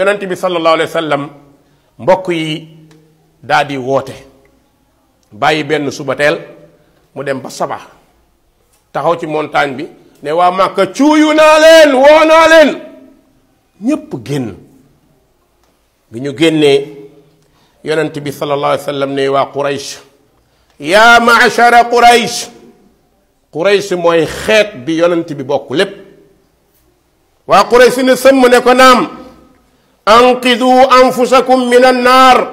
yonent bi sallallahu alayhi wa sallam mbokk yi daa di woote bàyyi benn suba teel mu dem ba saba taxaw ci montagne bi ne waa Màkka cuuyu naa leen woo naa leen ñépp génn bi ñu génnee yonent bi sallallahu alayhi wa sallam ne waa Quraysh yaa maachara Quraysh Quraysh mooy xeet bi yonent bi bokk lépp waa Quraysh ne sëmm ne ko naam anqiduu anfusakum min annaar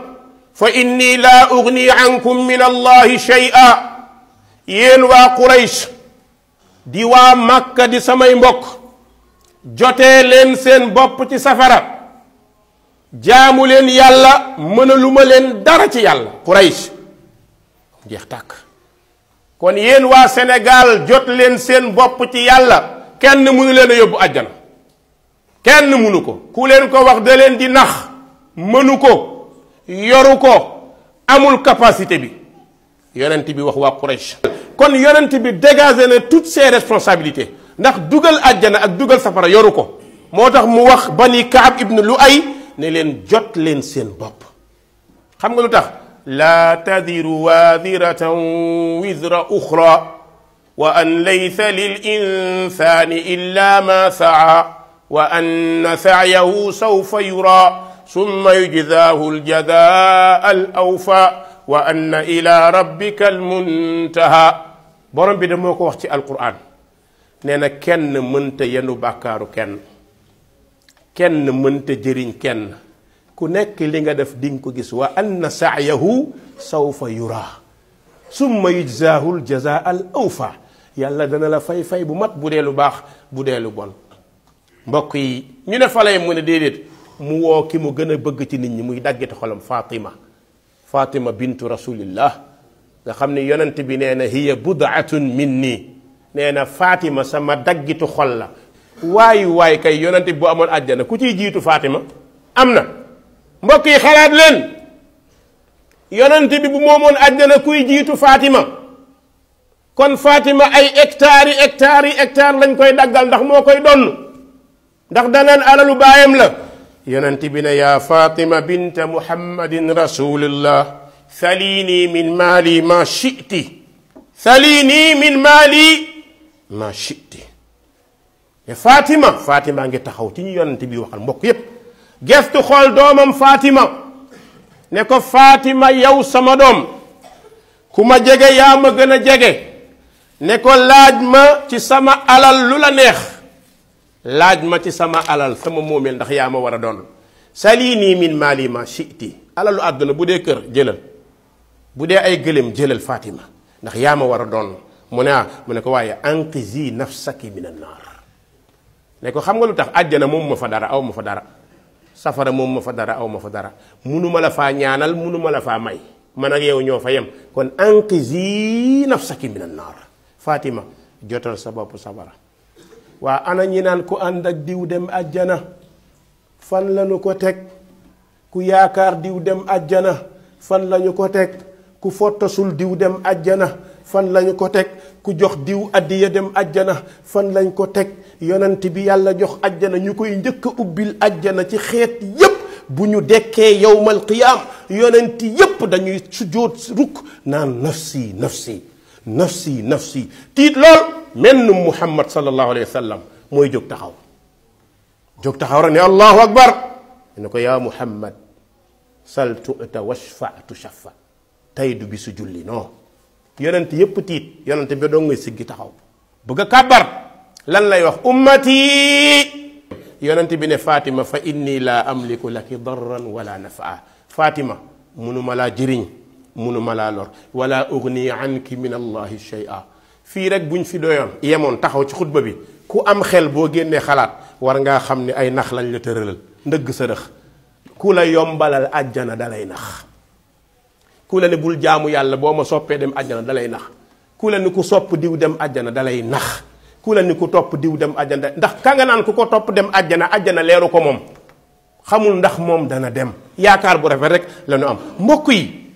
fa inni laa ugni ankum min allahi shay'a yéen waa quraysh di waa màkka di samay mbokk jotee leen seen bopp ci safara jaamu leen yàlla mënaluma leen dara ci yàlla quraysh jeex tàkk kon yéen waa sénégal jot leen seen bopp ci yàlla kenn mënu leen a yóbbu àjjana kenn munu ko ku leen ko wax da leen di nax mënu ko yoru ko amul capacité bi yonent bi wax waa Quraysh kon yonent bi dégagé na toutes ses responsabilités ndax dugal àjjana ak dugal safara yoru ko moo tax mu wax bani kaab ibnu lu ay ne leen jot leen seen bopp xam nga lu tax laa tadiru waadiratan wisra uxra wa an laysa lil insani illa ma saa وأن سعيه سوف يرى ثم يجزاه الجزاء الأوفى وأن إلى ربك المنتهى برم بدي موكو القرآن نينا كن منت ينو بكار كن كن منت جرين كن كنك لنغا دف دينكو جس وأن سعيه سوف يرى ثم يجزاه الجزاء الأوفى يلا دنا لا فاي فاي بمات بودي لو باخ بون mbokk yi ñu ne falay mu ne déedéet mu woo ki mu gën a bëgg ci nit ñi muy daggati xolam fatima fatima bintu rasulillah nga xam ne yonent bi nee na hiya budaatun minni nee na fatima sama daggitu xol la waay waay kay yonent bu amoon àjjana ku ciy jiitu fatima am na mbokk yi xalaat leen yonent bi bu moomoon àjjana kuy jiitu fatima kon fatima ay hectares yi hectares yi hectares lañ koy daggal ndax moo koy donn ndax danaan alalu bayam la yonanti bi ne fatima bint muhammadin rasulillah salini min mali ma shiti salini min mali ma shiti ya fatima fatima ngi taxaw ci yonanti bi waxal mbok yeb gestu xol domam fatima ne ko fatima yow sama dom kuma ma jege ya ma gëna jege ne ko laaj ma ci sama alal lula neex laaj ma ci sama alal sama moomeel ndax yaa ma war a doon sali nii min maali ma shiti alalu àdduna bu dee kër jëlal bu dee ay gëlëm jëlal fatima ndax yaa ma war a doon mu ne ah mu ne ko waaye anqisi nafsaki min annaar ne ko xam nga lu tax àjjana moom ma fa dara aw ma fa dara safara moom ma fa dara aw ma fa dara munuma la faa ñaanal munuma la faa may man ak yow ñoo fa yem kon anqisi nafsaki min annaar fatima jotal sa bopp sabara waa ana ñi naan ku ànd ak diw dem àjjana fan lañu ko teg ku yaakaar diw dem àjjana fan lañu ko teg ku fottasul diw dem àjjana fan lañu ko teg ku jox diw addiya dem àjjana fan lañ ko teg yonent bi yàlla jox àjjana ñu koy njëkk a ubbil àjjana ci xeet yépp bu ñu dekkee yowmal qiyaam yonent yépp dañuy sujjóot rukk naan nafsi nafsi nafsi nafsi tiit lool من محمد صلى الله عليه وسلم موي جوك تخاو جوك تخاو رني الله اكبر انكو يا محمد سل تؤت وشفع تشفع تايدو بي سجولي نو يوننت ييب تيت يوننت بي دونغي سيغي تخاو بوغا كبر لان لاي واخ امتي يوننت بي فاطمه فاني لا املك لك ضرا ولا نفعا فاطمه منو مالا جيرين منو مالا لور ولا اغني عنك من الله شيئا fii rek buñ fi doyoon yemoon taxaw ci xutba bi ku am xel boo génnee xalaat war ngaa xam ne ay nax lañ la tëralal ndëgg sa rëx ku la yombalal àjjana dalay nax ku la ne bul jaamu yàlla boo ma soppee dem àjjana dalay nax ku la ni ku sopp diw dem àjjana dalay nax ku la ni ku topp diw dem àjjana ndax ka naan ku ko topp dem àjjana àjjana leeru ko moom xamul ndax moom dana dem yaakaar bu rafet rek la am mbokk yi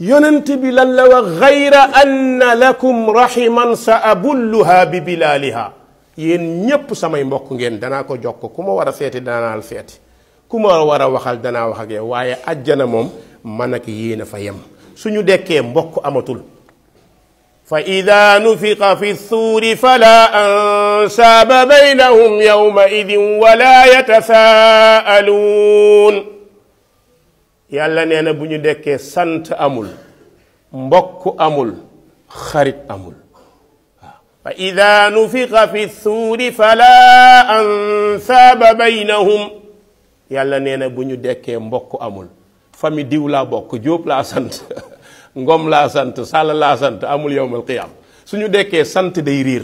يننت بلال غير أن لكم رحما سأبلها ببلالها ين نيب سماي موك نين دانا كو جوكو كوما ورا سيتي دانا الفيتي كوما ورا وخال دانا وخاك واي اجانا موم مانك يينا فايم سونو ديكي موك اماتول فاذا نفق في الثور فلا انساب بينهم يومئذ ولا يتساءلون yàlla nee na bu ñu dekkee sant amul mbokk amul xarit amul waaw fa ida nufiqa fi suuri falaa ansaaba baynahum yàlla nee na bu ñu dekkee mbokk amul fami diw laa bokk jóob laa sant ngom laa sant sàll laa sant amul yowmal qiyaam suñu dekkee sant day riir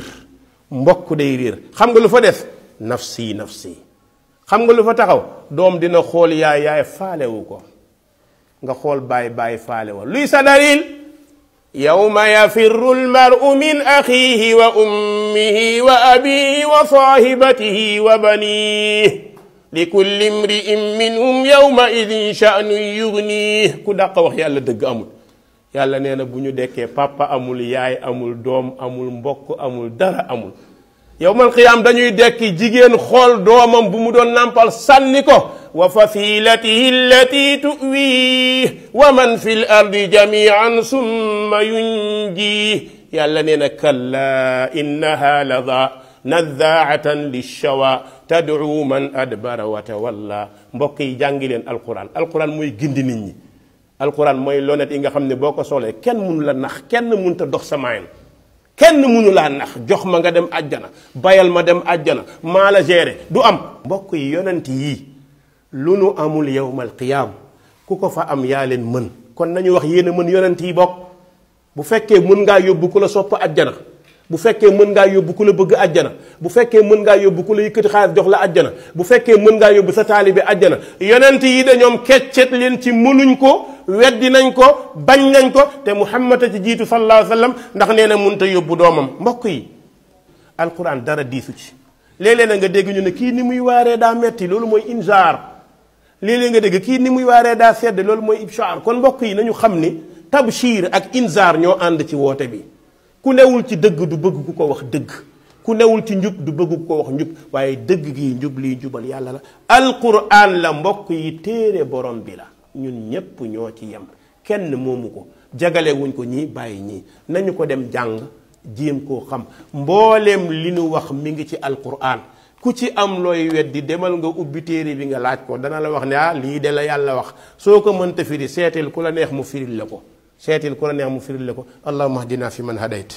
mbokk day riir xam nga lu fa def nafsi nafsi xam nga lu fa taxaw doom dina xool yaay yaay faalewu ko nga xool bàyyi bàyyi faale wa luy sa dalil yawma yafirru almaru min axihi wa ummihi wa abihi wa sahibatihi wa baniih li kulli imri'in minhum yawma idin sha'nun ku dàq wax yàlla dëgg amul yàlla nee na bu ñu dekkee pappa amul yaay amul doom amul mbokk amul dara amul yawmal qiyaam dañuy dekki jigéen xool doomam bu mu doon nàmpal sànni ko وفصيلته التي تؤويه ومن في الأرض جميعا ثم ينجيه يلا نينا كلا إنها لظى نزاعة للشوى تدعو من أدبر وتولى بقي جانجلين القرآن القرآن موي جندي القرآن موي لونت إنغا خمني بوكو سولي كن من لنخ كن من تدخ سماين كن من laa nax jox ma أجانا بايل àjjana bayal ma dem àjjana maa la lu nu amul yowmal qiyaam ku ko fa am yaa leen mën kon nañu wax yéen a mën yonent yi bokk bu fekkee mën ngaa yóbbu ku la sopp ajjana bu fekkee mën ngaa yóbbu ku la bëgg ajjana bu fekkee mën ngaa yóbbu ku la yëkkati xaalis jox la ajjana bu fekkee mën ngaa yóbbu sa taalibe ajjana yonent yi de ñoom keccet leen ci mënuñ ko weddi nañ ko bañ nañ ko te mu a ci jiitu sallallahu alayhi wa ndax nee na mënta yóbbu doomam mbokk yi alquran dara diisu ci léeg-léeg na nga dégg ñu ne kii ni muy waaree daa metti loolu mooy injaar léeg-léeg nga dégg kii ni muy waaree daa sedd loolu mooy ibshaar kon mbokk yi nañu xam ni tabshir ak inzaar ñoo ànd ci woote bi ku newul ci dëgg du bëgg ku ko wax dëgg ku newul ci njub du bëgg ko wax njub waaye dëgg gii njub lii njubal yàlla la alquran la mbokk yi téere borom bi la ñun ñépp ñoo ci yem kenn moomu ko jagale ko ñii bàyyi ñii nañu ko dem jàng jéem koo xam mbooleem li ñu wax mi ngi ci alquran ku ci am loy weddi demal nga ubbi téré bi nga laaj ko dana la wax ne ah li de la yàlla wax soko ko mënta firi sétel kula neex mu firil lako sétel kula neex mu firil lako allahumma allahuma fi man hadayt